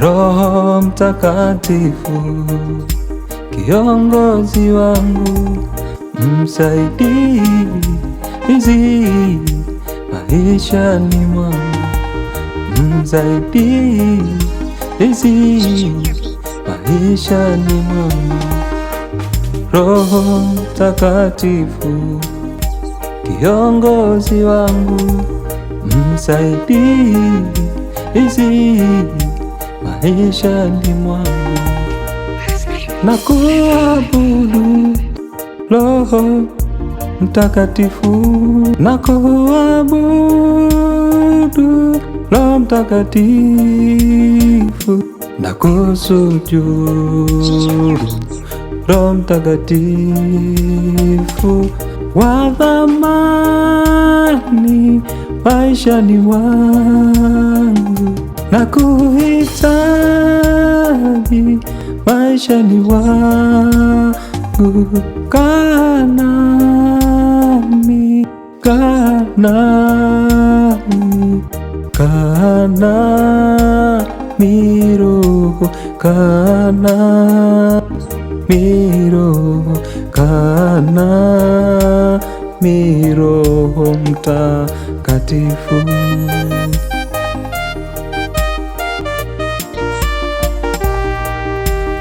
Roho Mtakatifu, kiongozi wangu, msaidizi ni mwangu, msaidizi ni mwangu. Roho Mtakatifu, kiongozi wangu, msaidizi maisha ni mwangu na kuabudu Roho Mtakatifu na kuabudu Roho Mtakatifu na kusujudu Roho Mtakatifu wa thamani maishani wangu na kuhitaji ni wangu, kaa nami, kaa nami, kaa nami Roho, kaa nami Roho, kaa nami Roho Mtakatifu.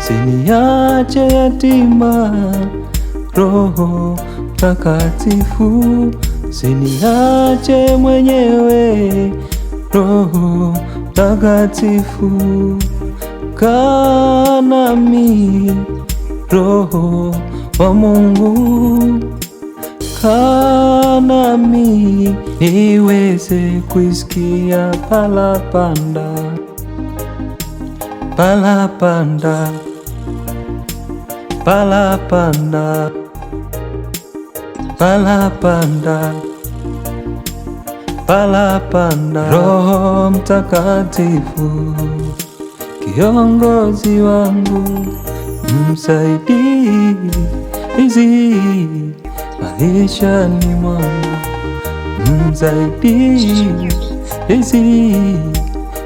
usiniache yatima, Roho Mtakatifu usiniache mwenyewe, Roho Mtakatifu kaa nami, Roho wa Mungu kaa nami, niweze kuisikia palapanda palapanda Palapanda, palapanda, palapanda. Roho Mtakatifu kiongozi wangu, msaidizi maisha ni mwangu, msaidizi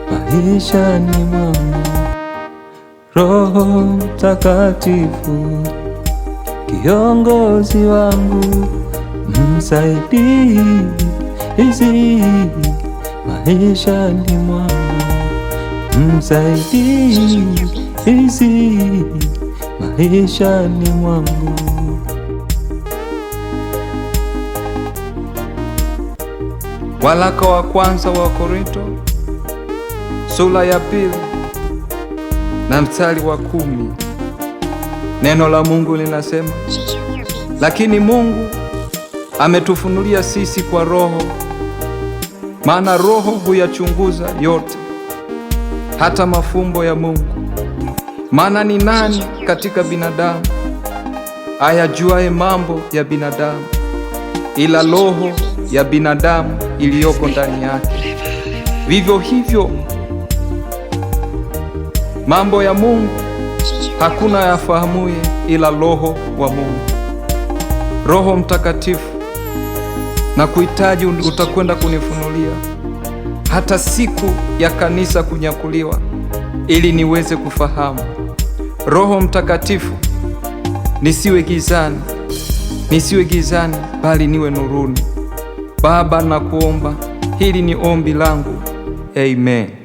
maisha ni mwangu Roho Mtakatifu, kiongozi wangu, msaidizi ni mwangu, msaidizi ni mwangu. Waraka wa kwanza wa Korinto sura ya pili na mstari wa kumi neno la Mungu linasema, lakini Mungu ametufunulia sisi kwa Roho, maana Roho huyachunguza yote, hata mafumbo ya Mungu. Maana ni nani katika binadamu ayajuaye mambo ya binadamu ila roho ya binadamu iliyoko ndani yake? Vivyo hivyo Mambo ya Mungu hakuna yafahamuye ila Roho wa Mungu. Roho Mtakatifu na kuhitaji, utakwenda kunifunulia hata siku ya kanisa kunyakuliwa, ili niweze kufahamu. Roho Mtakatifu, nisiwe gizani, nisiwe gizani, bali niwe nuruni. Baba, nakuomba hili ni ombi langu, amen.